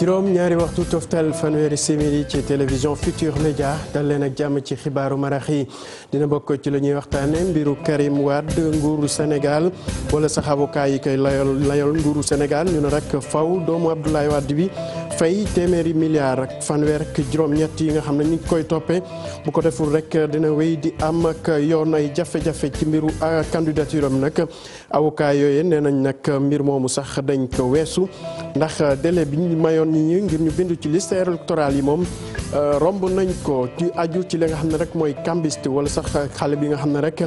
juróom ñaari waxtu toftal fanweeri simili ci télévision Futur Média dal leen ak jàmm ci xibaaru marax yi dina bokk ci lu ñuy waxtaane mbiru Karim Wade nguuru Sénégal wala sax avocat yi koy layol layol nguuru Sénégal ñu ne rek faw doomu Abdoulaye Wade bi fay téeméeri milliards ak fanweer ak juróom-ñett yi nga xam ne ñu ngi koy toppee bu ko deful rek dina wéy di am ak yoon ay jafe-jafe ci mbiru ah, candidature am nag avocat yooyu nee nañ nag mbir moomu sax dañ ko weesu ndax délai bi ñu mayoon ñi ngir ñu bindu ci liste électorale yi moom euh, romb nañ ko ci aju ci li nga xam ne rek mooy cambiste wala sax xale bi nga xam ne rek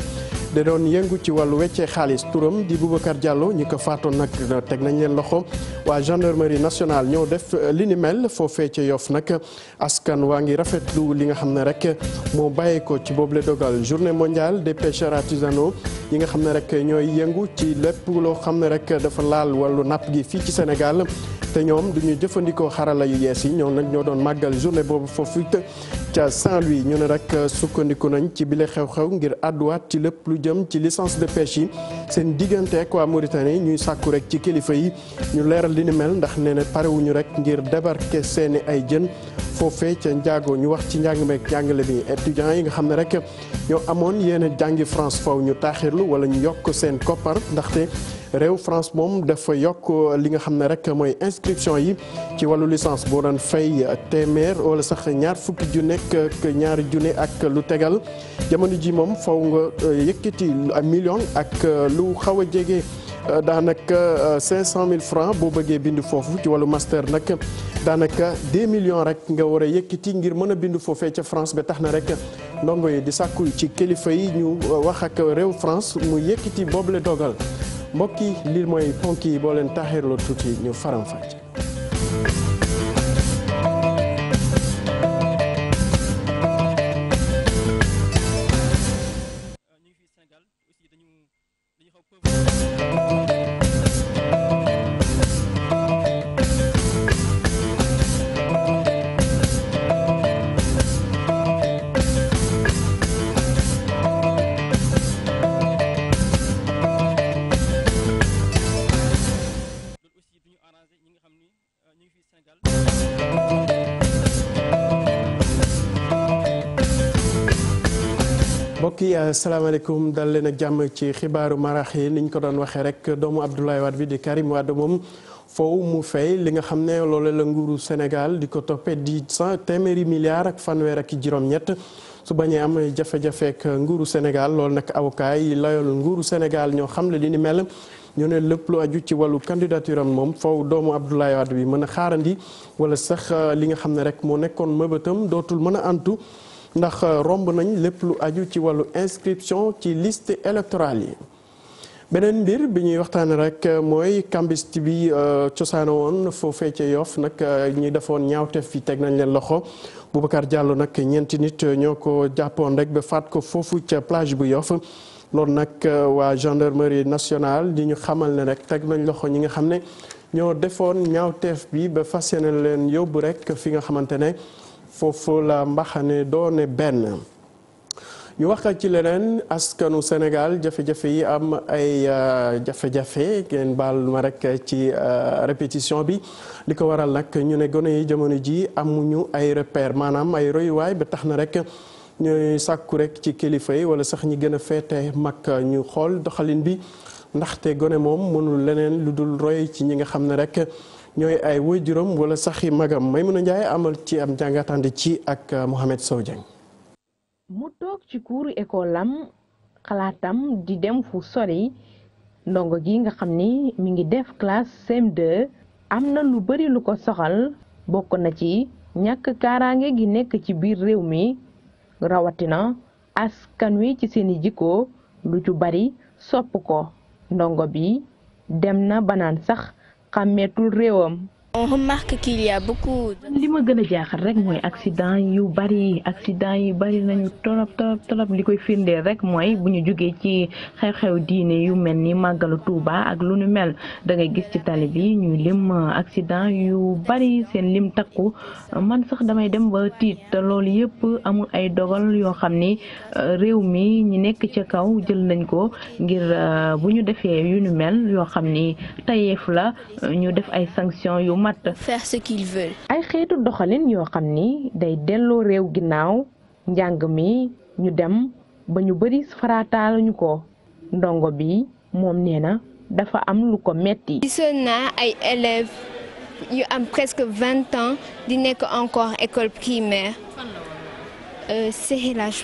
da doon yëngu ci wàllu weccee xaalis turam di Boubacar Diallo ñi ko faatoon nag teg nañ leen loxo waa gendarmerie nationale ñoo def li ni mel foofee ca Yoff nag askan waa ngi rafetlu li nga xam ne rek moo bàyyeekoo ci boobule dogal journée mondiale des pêcheurs artisanaux yi nga xam ne rek ñooy yëngu ci lépp loo xam ne rek dafa laal wàllu napp gi fii ci Sénégal te ñoom duñu jëfandikoo xarala yu yees yi ñoom nag ñoo doon màggal journée boobu foofu te ca Saint-Louis ñu ne rek euh, sukkandiku nañ ci bile xew-xew ngir àdduwaat ci lépp lu jëm ci licence de pêche yi seen diggante ak waa Mauritanie ñuy sàkku rek ci kilifa yi ñu leeral li ni mel ndax nee na parewuñu rek ngir débarquer seeni ay jën foofee ca njaago ñu wax ci njàng meek njàngale bi étudiants yi nga xam ne rek. ñoo amoon yéen a jàngi France faw ñu taaxirlu wala ñu yokk seen koppar ndaxte réew France moom dafa yokk li nga xam ne rek mooy inscription yi ci wàllu licence boo doon fay téeméer wala sax ñaar fukki ju nekk ñaari junne ak lu tegal jamono ji moom faw nga eh, yëkkati million ak eh, lu xaw a jege. Euh, daanaka 500 euh, 000 francs boo bëggee bind foofu ci wàllu master nag daanaka 2 millions rek nga war a yëkkati ngir mën a bind foofee ca France ba tax na rek ndongo yi di sàkku ci kilifa yi ñu euh, wax ak réew France mu yëkkati boobule dogal mbokk yi lii mooy ponk yi boo leen taaxirloo tuuti ñu faram-fàcce. salaamaaleykum dal leen ak jàmm ci xibaaru marax ni ñu ko doon waxee rek doomu Abdoulaye waat bi di Karim Wade moom foow mu fay li nga xam ne loole la nguuru Sénégal di ko toppee di cent téeméeri milliards ak fanweer ak juróom-ñett su bañee am jafe-jafe ak nguuru Sénégal lool nag avocat yi layoon nguuru Sénégal ñoo xam ne li ni mel. ñu ne lépp lu aju ci wàllu candidature moom foow doomu Abdoulaye waat bi mën a xaarandi wala sax li nga xam ne rek moo nekkoon mëbëtam dootul mën a antu. ndax euh, romb nañ lépp lu aju ci wàllu inscription ci liste électorale yi beneen mbir bi ñuy waxtaanee rek euh, mooy cambiste bi euh, cosaano woon foofee ca Yoff nag ñi defoon ñaawteef fi teg nañ leen loxo Boubacar Diallo nag ñeenti nit ñoo ko jàppoon rek ba faat ko foofu ca plage bu Yoff loolu nag waa gendarmerie nationale di ñu xamal ne rek teg nañ loxo ñi nga xam ne ñoo defoon ñaawteef bi ba fas yéene leen yóbbu rek fi nga xamante ne. foofu la mbaxane doone benn ñu wax ci leneen askanu Sénégal jafe-jafe yi am ay euh, jafe-jafe ngeen baal ma rek ci euh, répétition bi li ko waral nag ñu ne gone yi jamono ji amuñu ay repère maanaam ay royuwaay ba tax na rek ñooy sàkku rek ci kilifa yi wala sax ñi gën a féete mag ñu xool doxalin bi ndaxte gone moom mënul leneen lu dul roy ci ñi nga xam ne rek. ñooy ay waajuram wala saxi magam Maymuna Njaay amal ci am jàngatande ci ak uh, Mohamed Sow mu toog ci kuuru école am xalaatam di dem fu sori ndongo gi nga xam ni mi ngi def classe CM2 am na lu bari lu ko soxal bokk na ci ñàkk kaaraange gi nekk ci biir réew mi rawatina askan wi ci seeni jikko lu ci bari sopp ko ndongo bi dem na banaan sax xàmmeetul réewam on remarque qu'il y a li ma gën a jaaxal rek mooy accident yu bari accident yu bari nañu torop torop torop li koy firndeel rek mooy bu ñu jógee ci xew-xew diine yu mel ni màggalu Tuuba ak lu nu mel da ngay gis ci tali bi ñu lim accident yu bari seen lim takku man sax damay dem ba tiit te loolu yëpp amul ay dogal yoo xam ni euh, réew mi ñi nekk ca kaw jël nañ ko ngir euh, bu ñu defee yu nu mel yoo xam ni tayeef la euh, ñu def ay sanctions yu. mat. faire ce qu'ils veulent. ay xeetu doxalin yoo xam ni day delloo réew ginnaaw njàng mi ñu dem ba ñu bëri farataaluñu ko ndongo bi moom nee na dafa am lu ko metti. gisoon na ay élèves yu am presque vingt ans di nekk encore école primaire. Euh, Sehela je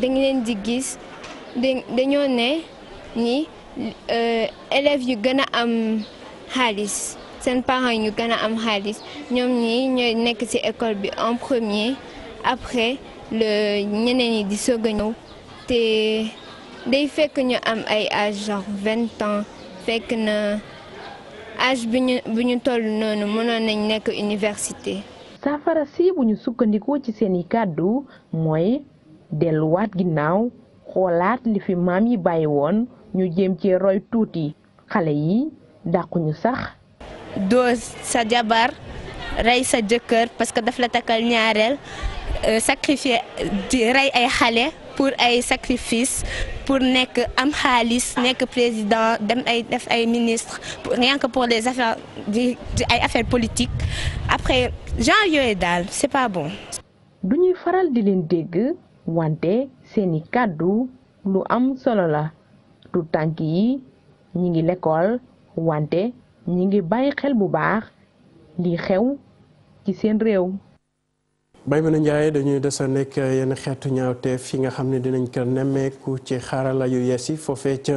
leen di gis dañoo ne ni Euh, élèves yu gën a am xaalis seen parents yu gën a am xaalis ñoom ñi ñooy nekk ci école bi en premier après le ñeneen ñi di soog a ñëw te day fekk ñu am ay âge genre vingt ans fekk na aje bu ñu toll noonu mënoon nañ nekk université saafara si bu ñu sukkandikoo ci seeni kàddu mooy delluwaat ginnaaw xoolaat li fi maam yi bàyyi woon ñu jéem ci roy tuuti xale yi dàquñu sax doo sa jabar rey sa jëkkër parce que daf la takkal ñaareel euh, sacrifier rey ay xale pour ay sacrifice pour nekk am xaalis nekk président dem ay def ay ministre rien que pour les affaires di ay affaires politiques après genre yooyu daal c'est pas bon. du ñuy faral di leen dégg wante seeni kàddu lu am solo la. tu tànk yi ñi ngi lekkool wante ñi ngi bàyyi xel bu baax li xew ci seen réew Baymana Ndiaye dañuy desa nekk yenn xeetu ñaawteef yi nga xam ne dinañ ko nemmeeku ci xarala yu yees yi foofee ca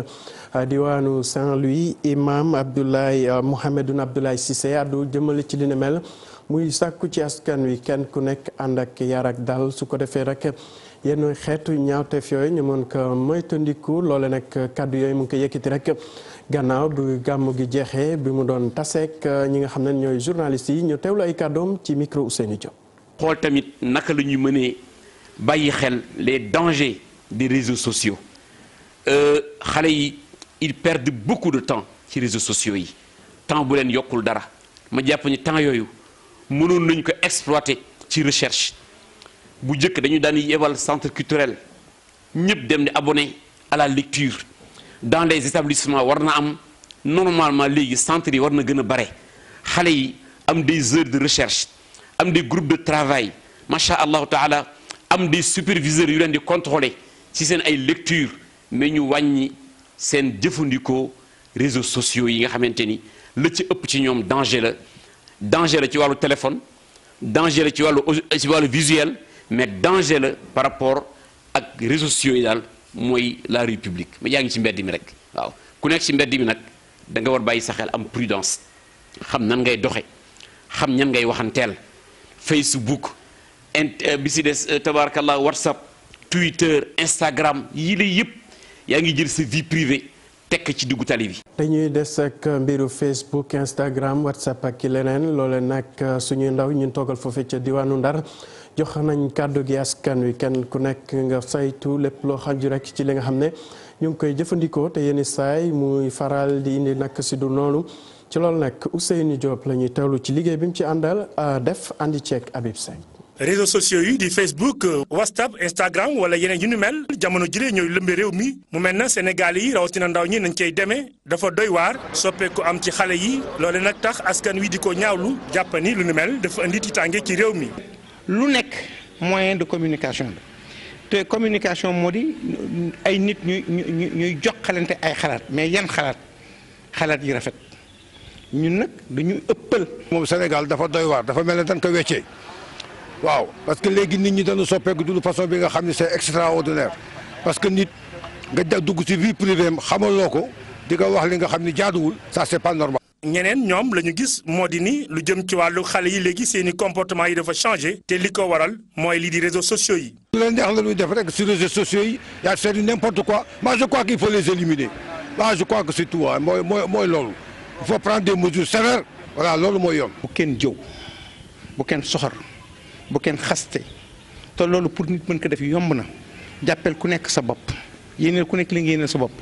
ah, diwaanu Saint-Louis imam Abdoulaye ah, Mouhamedoune Abdoulaye Cissé addu jëmale ci li ne mel muy sàkku ci askan wi kenn ku nekk ànd ak yarak ak dal su ko defee rek yenn xeetu ñaawteef yooyu ñu moon ko moytandiku loole nag kàddu yooyu mu ngi ko yëkkati rek gannaaw bi gàmmu gi jeexee bi mu doon taseek euh, ñi nga xam ne ñooy journalistes yi ñu teewlu ay kàddoom ci micro Ousseynou Diop. xool tamit naka la ñuy mënee bàyyi xel les dangers des réseaux sociaux euh, xale yi ils perdent beaucoup de temps ci réseaux sociaux yi temps bu leen yokkul dara ma jàpp ñu temps yooyu mënoon nañ ko exploiter ci recherche. bu njëkk dañu daan yebal centre culturel ñëpp dem di abonné à la lecture dans les établissements war na am normalement léegi centre yi war na gën a bare xale yi am des heures de recherche am des groupes de travail macha allahu taala am des superviseurs yu leen di contrôler ci seen ay lecture mais ñu wàññi seen jëfandikoo réseaux sociaux yi nga xamante ni la ci ëpp ci ñoom danger la danger la ci wàllu téléphone danger la ci wàllu ci wàllu visuel mais danger la par rapport ak réseaux sociaux yi daal mooy la république publique yaa ngi si mbedd mi rek waaw ku nekk ci mbedd mi nag danga nga war bàyyi sa xel am prudence xam nan ngay doxe xam ñan ngay waxanteel Facebook int euh, bi si des euh, tabaarakallah WhatsApp Twitter Instagram yii la yëpp yaa ngi jël sa vie privée tekk ci diggu tali bi. dañuy des ak mbiru Facebook Instagram WhatsApp ak ki leneen loole nag suñuy ndaw ñun toogal foofu ca diwaanu Ndar jox nañ kàddu gi askan wi kenn ku nekk nga saytu lépp loo xaju rek ci li nga xam ne ñu ngi koy jëfandikoo te yenn saay muy faral di indi nag si du noonu ci loolu nag Ousseynou Diop la ñuy teewlu ci liggéey bi mu ci àndal def andi ceek Habib Sène réseaux sociaux yi di Facebook WhatsApp Instagram wala yeneen yu ni mel jamono jile ñooy lëmbe réew mi mu mel na Sénégal yi rawatina ndaw ñi nañ cay demee dafa doy waar soppeeku am ci xale yi loole nag tax askan wi di ko ñaawlu jàpp ni lu ni mel dafa indi tiitaange ci réew mi. lu nekk moyen de communication la te communication moo di ay nit ñuy ñuy ñuy ay xalaat mais yan xalaat xalaat yi rafet ñun nag dañuy ëppal. moom Sénégal dafa doy waar dafa mel ne dañ ko weccee. waaw parce que léegi nit ñi dañu soppeeku du façon bi nga xam ne c'est extraordinaire parce que nit nga dugg ci vie privée am xamaloo ko di nga wax li nga xam ni jaaduwul ça c'est pas normal. ñeneen ñoom la ñu gis moo di ni lu jëm ci wàllu xale yi léegi seeni comportement yi dafa changé te li ko waral mooy lii di réseaux sociaux yi. leen neex la luy def rek ci réseaux sociaux yi yaa fait n'importe quoi moi je crois qu'il faut les éliminer waaw je crois que c'est mooy mooy mooy loolu il faut prendre des mesures voilà loolu mooy yoon. bu kenn jëw bu kenn soxor. bu kenn xaste te loolu pour nit mën ko def yomb na jàppeel ku nekk sa bopp yéeneel ku nekk li nga yéeneel sa bopp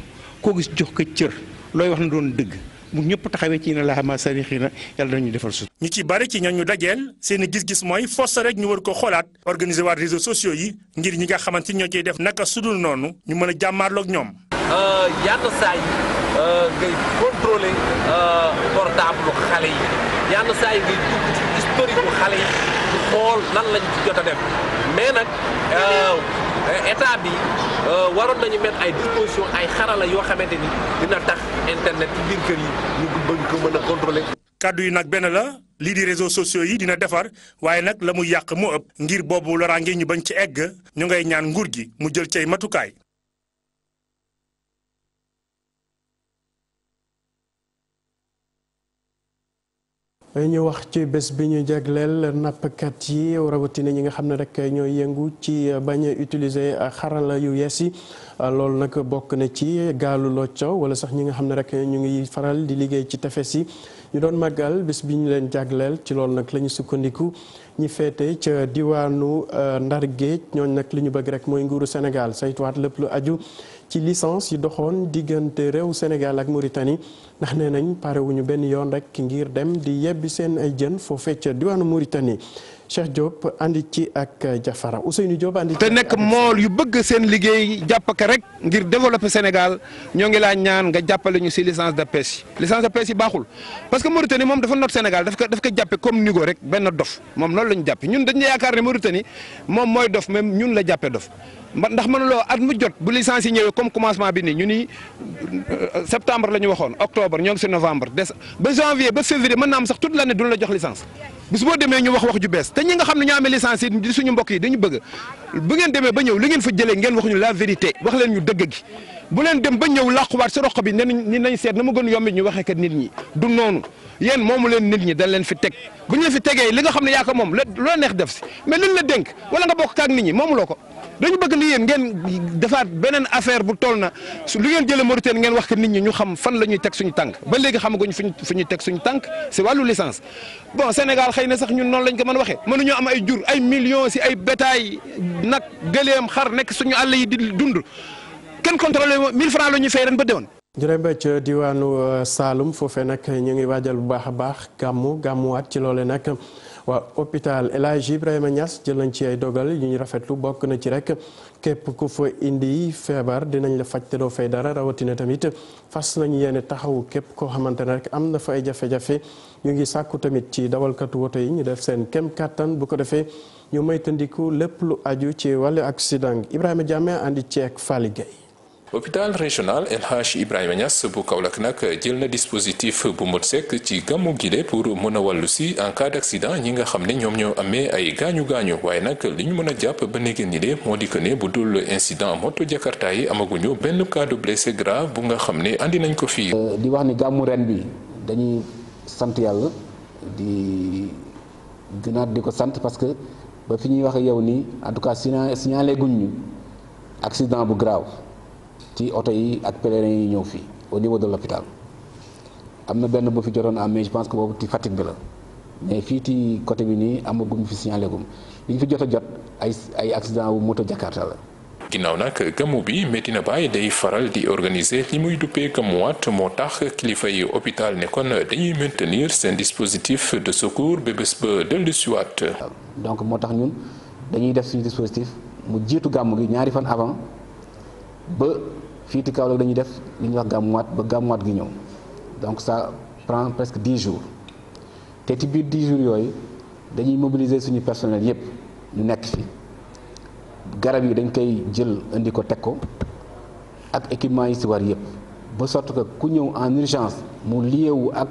koo gis jox ko cër looy wax na doon dëgg bu ñëpp taxawee ci na laa ma sari xii na yàlla dañu defal su ñu ci bari ci ñoo ñu dajeel seen gis-gis mooy force rek ñu war ko xoolaat organiser waat réseaux sociaux yi ngir ñi nga xamante ñoo ciy def naka sudul noonu ñu mën a jàmmaarloog ñoom euh, yaata saay euh, euh, yi ngay dugg ci xale yi xool lan lañ ci jot a def mais nag euh, état bi euh, waroon nañu mettre ay disposition ay xarala yoo xamante ni dina tax internet ci biir kër yi ñu bëgg ko mën a contrôler. kàddu yi nag benn la lii di réseau sociaux yi dina defar waaye nag la muy yàq mu ëpp ngir boobu loraange ñu bañ ci egg ñu ngay ñaan nguur gi mu jël ci matukaay. ñu wax ci bés bi ñu jagleel nappkat yi rawatina ñi nga xam ne rek ñooy yëngu ci bañ a utiliser xarala yu yees yi loolu nag bokk na ci gaalu locco wala sax ñi nga xam ne rek ñu ngi faral di liggéey ci tefes yi ñu doon màggal bés bi ñu leen jagleel ci loolu nag la ñu sukkandiku ñi féete ca diwaanu eh, Ndar Géej ñooñ nag li ñu bëgg rek mooy nguuru Sénégal saytuwaat lépp lu aju. ci licence yi doxoon diggante réew Sénégal ak Mauritanie ndax nee nañ pare wuñu benn yoon rek ngir dem di yebbi seen ay jën foofee ca diwaanu Mauritanie Cheikh Diop andi ci ak Jafara Ousseynou Diop andi te nekk mool yu bëgg seen liggéey jàpp ko rek ngir développer Sénégal ñoo ngi laa ñaan nga jàppale ñu si licence de pêche yi licence de pêche yi baaxul parce que Mauritanie moom dafa noot Sénégal daf ko daf ko jàppe comme nigo rek benn dof moom loolu la ñu jàppe ñun dañu yaakaar ne Mauritanie moom mooy dof même ñun la jàppe dof ndax man loo at mu jot bu licence yi ñëwee comme commencement bi nii ñu ni euh, septembre la ñu waxoon octobre ñoo ngi si novembre des ba janvier ba février mën naa am sax toute l'année duñ la jox licence bis boo demee ñu wax wax ju bees te ñi nga xam ne ñoo amee licence yi di suñu mbokk yi dañu bëgg bu ngeen demee ba ñëw li ngeen fa jëlee ngeen wax ñu la vérité wax leen ñu dëgg gi bu leen dem ba ñëw làquwaat si roq bi ne ni nañ seet na mu gën yombi ñu waxee kat nit ñi du noonu yéen moomu leen nit ñi dañ leen fi teg bu ñu fi tegee li nga xam ne yaa ko la loo neex def si mais liñ la dénk wala nga bokk ak nit ñi moomu ko dañu bëgg ni yéen ngeen defaat beneen affaire bu toll na lu ngeen jëlee Mauritanie ngeen wax que nit ñi ñu xam fan la ñuy teg suñu tànk ba léegi xamaguñ fuñu fu ñuy teg suñu tànk si wàllu licence bon Sénégal xëy na sax ñun noonu lañ ko mën waxee mënuñoo am ay jur ay millions si ay betaay nag gëléem xar nekk suñu àll yi di dund kenn contrôlé 1000 francs la ñuy fay ren ba déwén. jërëjëf ci diwaanu Saloum foofee nag ñu ngi waajal bu baax a baax gàmmu gàmmuwaat ci loole nag. waa hôpital El Hadj Ibrahima Niass jël nañ ci ay dogal yu ñu rafetlu bokk na ci rek képp ku fa indi feebar dinañ la faj te doo fay dara rawatina tamit fas nañu yéene taxawu képp koo xamante ne am na fa ay jafe-jafe ñu ngi sàkku tamit ci dawalkatu woto yi ñu def seen kem kàttan bu ko defee ñu moytandiku lépp lu aju ci wàllu accident Ibrahima Diame andi ceek ak Gueye hôpital régional El Hadj Ibrahima Niass bu Kaolack nag jël na dispositif bu mot sekk ci gàmmu gile pour mën a wàllu si en cas d'accident ñi nga xam ne ñoom ñoo amee ay gaañu gaañu waaye nag li ñu mën a jàpp ba nekkee nii de moo di que ne bu dul incident moto jakarta yi amaguñu benn cas de blessé grave bu nga xam ne andi nañ ko fii. Euh, di wax ni gàmmu ren bi dañuy sant yàlla di gënaat di ko sant parce que ba fi ñuy wax yow nii en tout cas signalé guñ ñu accident bu grave. ci oto yi ak pèlerins yi ñëw fii au niveau de l'hôpital am na benn bu fi jotoon am mais je pense que boobu ci Fatick bi la mais fii ti côté bi nii amagum fi signalé gum li ñu fi jot jot ay ay accident wu moto Jakarta la. ginnaaw nag gàmmu bi na Baye day faral di organiser li muy duppee gàmmuwaat moo tax kilifa yi hôpital ne kon dañuy maintenir seen dispositif de secours ba bés ba dellusiwaat. donc moo tax ñun dañuy def suñu dispositif mu jiitu gàmmu gi ñaari fan avant fii ci Kaolack dañuy def li ñuy wax gàmmuwaat ba gàmmuwaat gi ñëw donc ça prend presque dix jours te ci biir dix jours yooyu dañuy mobiliser suñu personnel yépp ñu nekk fi garab yi dañ koy jël indi ko teg ko ak équipement yi ci war yépp ba sorte que ku ñëw en urgence mu liewu ak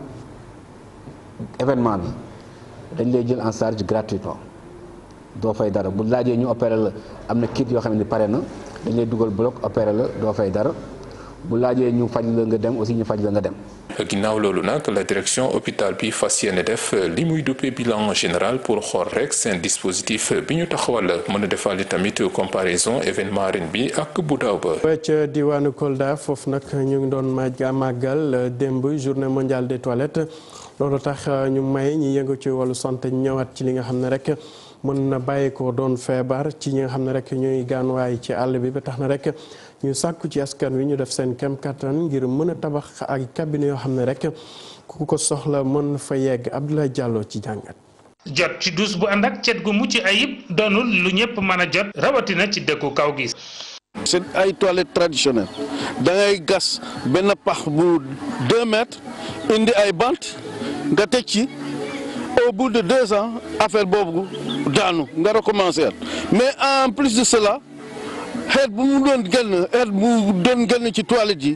événement bi dañ lay jël en charge gratuitement doo fay dara bu laajee ñu opérer la am na kit yoo xam ne pare na dañ lay dugal bloc opéré la doo fay dara bu laajee ñu faj la nga dem aussi ñu faj la nga dem. ginnaaw loolu nag la direction hôpital bi fas yéene def li muy duppee bilan général pour xool rek seen dispositif bi ñu taxawal mën a defaale tamit comparaison événement ren bi ak bu daaw ba. ca Kolda foofu nag ñu ngi doon màgg màggal démb journée mondiale des toilettes loolu tax ñu may ñi yëngu ci wàllu santé ñëwaat ci li nga xam ne rek. mën na bàyyi ko doon feebar ci ñi nga xam ne rek ñooy waaye ci àll bi ba tax na rek ñu sàkku ci askan wi ñu def seen kem kattan ngir mën a tabax ak cabinet yoo xam ne rek ku ko soxla mën fa yegg la Diallo ci jàngat. jot ci duus bu ànd ak cet gu mucc ayib doonul lu ñëpp mën a jot rawatina ci dëkku kaw gi. c'est ay toilettes traditionnelles da ngay gas benn pax bu deux mètres indi ay bant nga te ci au bout de deux ans affaire boobu daanu nga recommencer mais en plus de cela xeet bu mu doon génn xeet bu doon génn ci toilette yi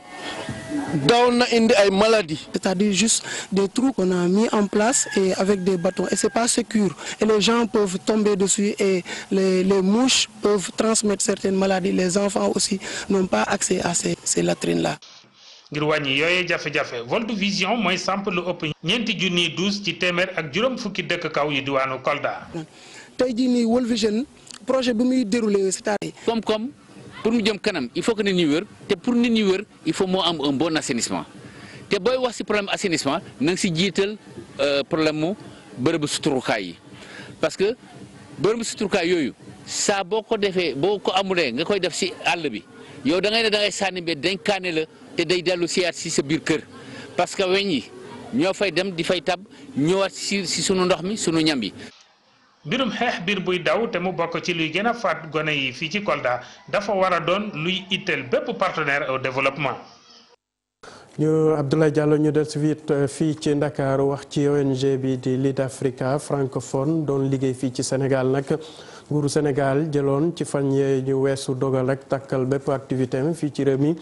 daaw na indi ay maladies. c'est-à-dire juste des trous qu'on a mis en place et avec des bâtons et c'est pas sûr et les gens peuvent tomber dessus et les les mouches peuvent transmettre certaines maladies les enfants aussi n'ont pas accès à ces ces latrines là. ngir wàññi yooyee jafe-jafe World Vision mooy samp lu ëpp ñeenti junniy douze ci téeméer ak juróom fukki dëkk kaw yu diwaanu Kolda. tey jii nii World Vision projet bi muy déroulé c'est-à-dire. koom pour mu jëm kanam il faut que nit ñi wër te pour nit ñi wër il faut moo am un bon assainissement te booy wax ci problème assainissement na nga ci jiital euh, problème mu bërëb suturukaay yi parce que bërëb suturukaay yooyu saa boo ko defee boo ko amulee nga koy def ci àll bi yow da ngay ne da ngay sànni mbir dañ kaane la te day dellu siyaat si sa biir kër parce que weñ yi ñoo fay dem di fay tab ñëwaat ci si sunu ndox mi sunu ñam yi. mbirum xeex biir buy daw te mu bokk ci luy gën a faat gone yi fii ci Kolda dafa war a doon luy itteel bépp partenaire au développement. ñu Abdoulaye Diallo ñu del suite euh, fii ci Ndakaaru wax ci ONG bi di Lead Africa francophone doon liggéey fii ci Sénégal nag nguuru Sénégal jëloon ci fan yee ñu weesu dogal ak takkal bépp activité am fii ci réew mi.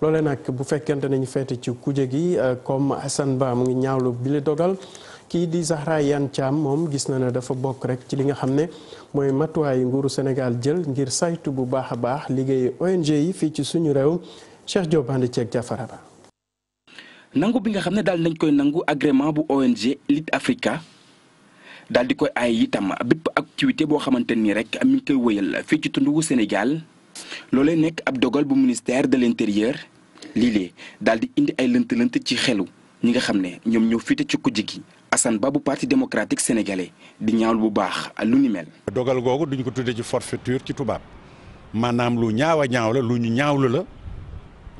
loole nag bu fekkente nañu feete ci kuje gi euh, comme Assane mu ngi ñaawlu bi li dogal. kii di Zahra Iyane Thiam moom gis na ne dafa bokk rek ci li nga xam ne mooy matuwaay nguuru Sénégal jël ngir saytu bu baax a baax liggéey ONG yi fii ci suñu réew Cheikh Diop ànd Jafara Ba nangu bi nga xam ne daal nañ koy nangu agrément bu ONG Ligue Africa daal di koy ay itam bépp activité boo xamante nii rek mi ngi koy wëyal fii ci tundu Sénégal loolee nekk ab dogal bu ministère de l'intérieur lii lee daal di indi ay lënt-lënt ci xelu ñi nga xam ne ñoom ñoo fiite ci ko Assane Ba bu parti démocratique sénégalais di ñaawul bu baax lu ni mel. dogal googu duñ ko tuddee ci forfaiture ci tubaab maanaam lu ñaaw a ñaaw la lu ñu ñaawlu la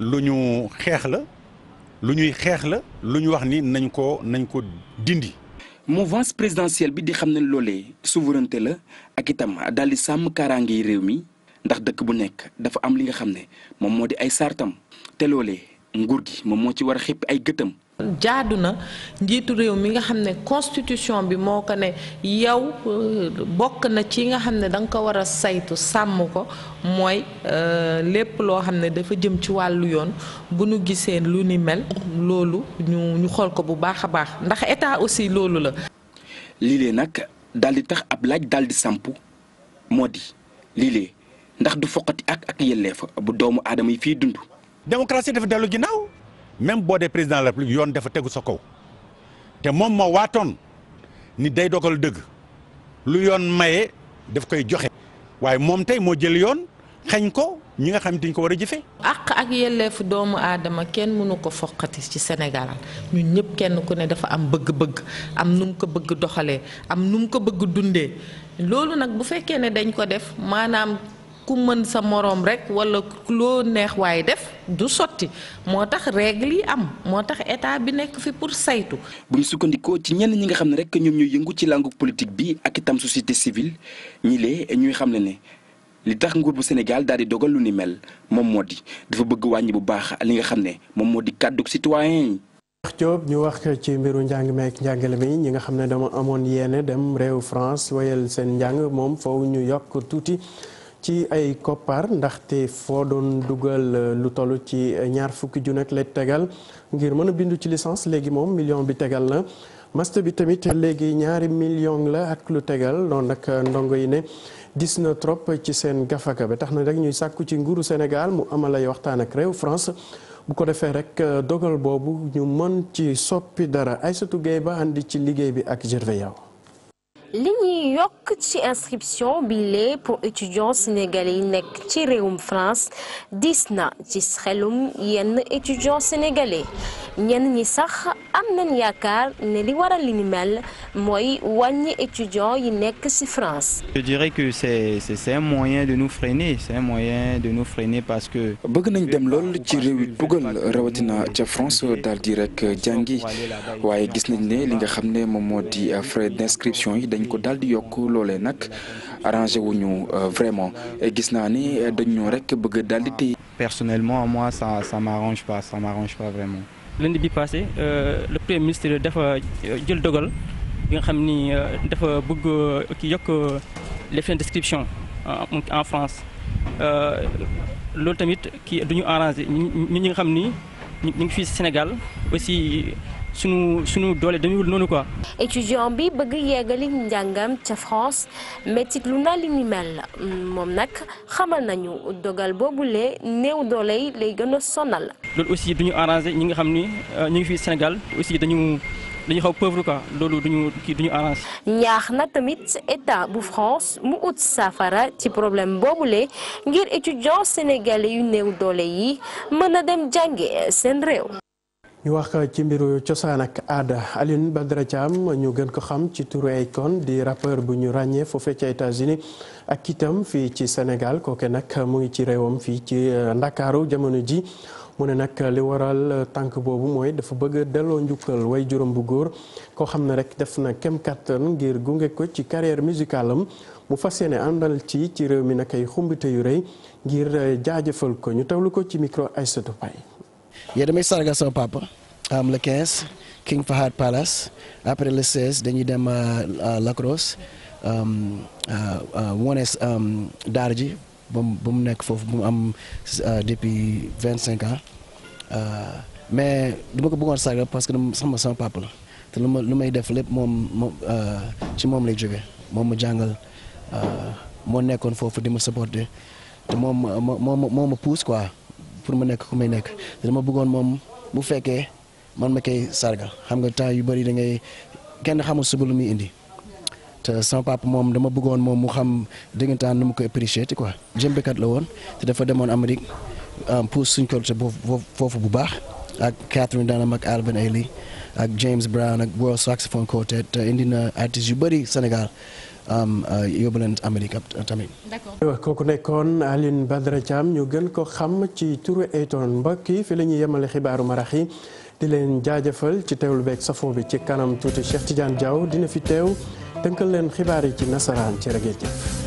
lu ñu xeex la lu ñuy xeex la lu ñu wax ni nañ ko nañ ko dindi. mouvance présidentielle bi di xam ne loole souveraineté la ak itam daal sàmm kaaraange réew mi ndax dëkk bu nekk dafa am li nga xam ne moom moo di ay sartam te loole nguur gi moom moo ci war a xëpp ay gëtam. jaadu na njiitu réew mi nga xam ne constitution bi moo ko ne yow euh, bokk na ci nga xam ne da nga ko war a saytu sàmm ko mooy euh, lépp loo xam ne dafa jëm ci wàllu yoon bu nu gisee lu ni mel loolu ñu xool ko bu baax a baax ndax état aussi loolu la. lii lee nag daal di tax ab laaj daal di samp moo di lii lee ndax du foqati ak ak yelleefa bu doomu aadama yi fii dund. démocratie dafa dellu ginnaaw. même boo dee président la république yoon dafa tegu sa kaw te moom moo waatoon ni day dogal dëgg lu yoon maye daf koy joxe waaye moom tey moo jël yoon xañ ko ñi nga xam te ñu ko war a jëfe àq ak yelleefu doomu aadama kenn mënu ko foqati ci senegal ñun ñëpp kenn ku ne dafa am bëgg-bëgg am nu mu ko bëgg doxalee am nu mu ko bëgg dundee loolu nag bu fekkee ne dañ ko def maanaam. ku mën sa moroom rekk walla loo neex waaye def du sotti moo tax règle yi am moo tax état bi nekk fi pour saytu. bu ñu sukkandikoo ci ñenn ñi nga xam ne rekk ñoom ñooy yëngu ci langue politique bi ak itam société civile ñi ñuy xam ne ne li tax nguur bu Sénégal daal di dogal lu ni mel moom moo di dafa bëgg wàññi bu baax li nga xam ne moom moo di kàddu citoyen yi. Diop ñu wax ci mbiru njàng meek njàngale mi ñi nga xam ne dama amoon yéene dem réew France wayal seen njàng moom foofu ñu yokk tuuti. ci ay koppar ndaxte foo doon dugal euh, lu toll ci euh, ñaar fukki junni ak lay tegal ngir mën a bindu ci licence léegi moom million bi tegal na master bi tamit léegi ñaari million la ak lu tegal noonu nag euh, ndongo yi ne dis na trop ci seen gafaka bi tax na rek ñuy sàkku ci nguuru Sénégal mu amal ay waxtaan ak réew France bu ko defee rek dogal boobu ñu mën ci soppi dara ay sa Gueye ba andi ci liggéey bi ak Gervais Yaw li ñuy yokk ci inscription bi lee pour étudiants sénégalais yi nekk ci réewum France diis na ci xelum yenn étudiants sénégalais ñenn ñi sax am nañ yaakaar ne li waral li ni mel mooy wàññi étudiants yi nekk ci France. je dirais que c'est c'est un moyen de nous freiner c'est un moyen de parce que. bëgg nañ dem lool ci réew yi tugal rawatina ca France daal di rek jàngi waaye gis nañ li nga xam ne moom moo di frais d'inscription yi. dañ ko daal di yokk loolee nag wu ñu euh, vraiment gis naa ni euh, dañu rek bëgg daal di téye. personnellement moi ça ça m'arrange pas ça m'arrange pas vraiment. lundi bi passé euh, le premier ministre dafa jël dogal nga xam ni dafa bëgg ki yokk les fins d'inscription en France loolu tamit kii du ñu arrangé ñi ñi nga xam ni ñu ngi fii Sénégal aussi. suñu suñu doole demewul noonu ko étudiant bi bëgg yeggali njàngam ca France métit lu na li ni mel moom nag xamal nañu dogal boobule néew doole yi lay gën a sonal. loolu aussi du ñu arrangé ñi nga xam ni euh, ñu ngi fii Sénégal aussi dañu. dañu xaw pauvre quoi loolu duñu kii duñu arrange ñaax na tamit état bu France mu ut saafara ci problème boobule ngir étudiants sénégalais yu néew doole yi mën a dem jànge seen réew ñu wax ci mbiru cosaan ak aada alin Badara Thiam ñu gën ko xam ci turu Akon di rappeur bu ñu ràññee foofee ca États-Unis ak itam fii ci senegal kooke nag mu ngi ci réewam fii ci euh, Ndakaaru jamono ji mu ne nag li waral euh, tànk boobu mooy dafa bëgg delloo njukkal way juróom bu góor koo xam ne rek def na kem kàttan ngir gunge ko ci carrière musicale am mu fas yéene àndal ci ci réew mi nag ay xumbite yu rey ngir euh, jaajëfal ko ñu tawlu ko ci micro Aïssatou Paye yee damay sargal sama papa am le quinze King Fahad Palace après le 16 dañuy dema euh, Lacrosse um, euh, euh, wonees um, daara ji ba mu ba mu nekk foofu bu mu am depuis vingt cinq ans mais du ma ko bëggoon sargal parce que sama sama papa la te lu ma lu may def lépp moom moom ci moom lay jógee moom ma jàngal moo nekkoon foofu di ma supporter te moom ma moo ma quoi. pour ma nekk ku may nekk dama bëggoon moom bu fekkee man ma koy sargal xam nga temps yu bëri da ngay kenn xamul suba lu muy indi te sama papa moom dama bëggoon moom mu xam dëggantaan nu mu koy apprécier quoi. jëmbekat la woon te dafa demoon Amérique ah, pour suñ ko foofu bu baax ak Catherine Dunham ak Alvin Ailey ak James Brown a World Saxophone Quartet te indi na artistes yu bëri Sénégal. Euh, yóbbu leen Amérique tamit. d'accord euh, kooku nekkoon Alioune Badara ñu gën ko xam ci turu Eton mbokk yi fi la ñuy yemale xibaaru marax yi di leen jaajëfal ci teewlu beeg safoo bi ci kanam tuuti Cheikh Tidiane Diaw dina fi teew tënkal leen xibaar yi ci nasaraan ci rëgg